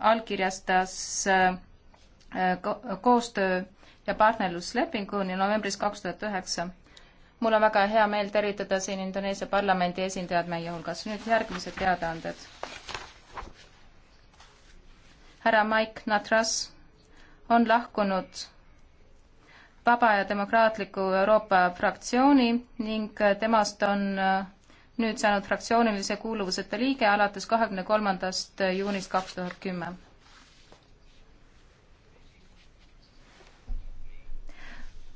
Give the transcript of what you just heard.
allkirjastas äh, äh, koostöö ja partnerluslepingu novembris kaks tuhat üheksa. mul on väga hea meel tervitada siin Indoneesia parlamendi esindajad meie hulgas. nüüd järgmised teadaanded. härra Mike Natras on lahkunud Vaba ja Demokraatliku Euroopa fraktsiooni ning temast on äh, nüüd saanud fraktsioonilise kuuluvuseta liige alates kahekümne kolmandast juunist kaks tuhat kümme.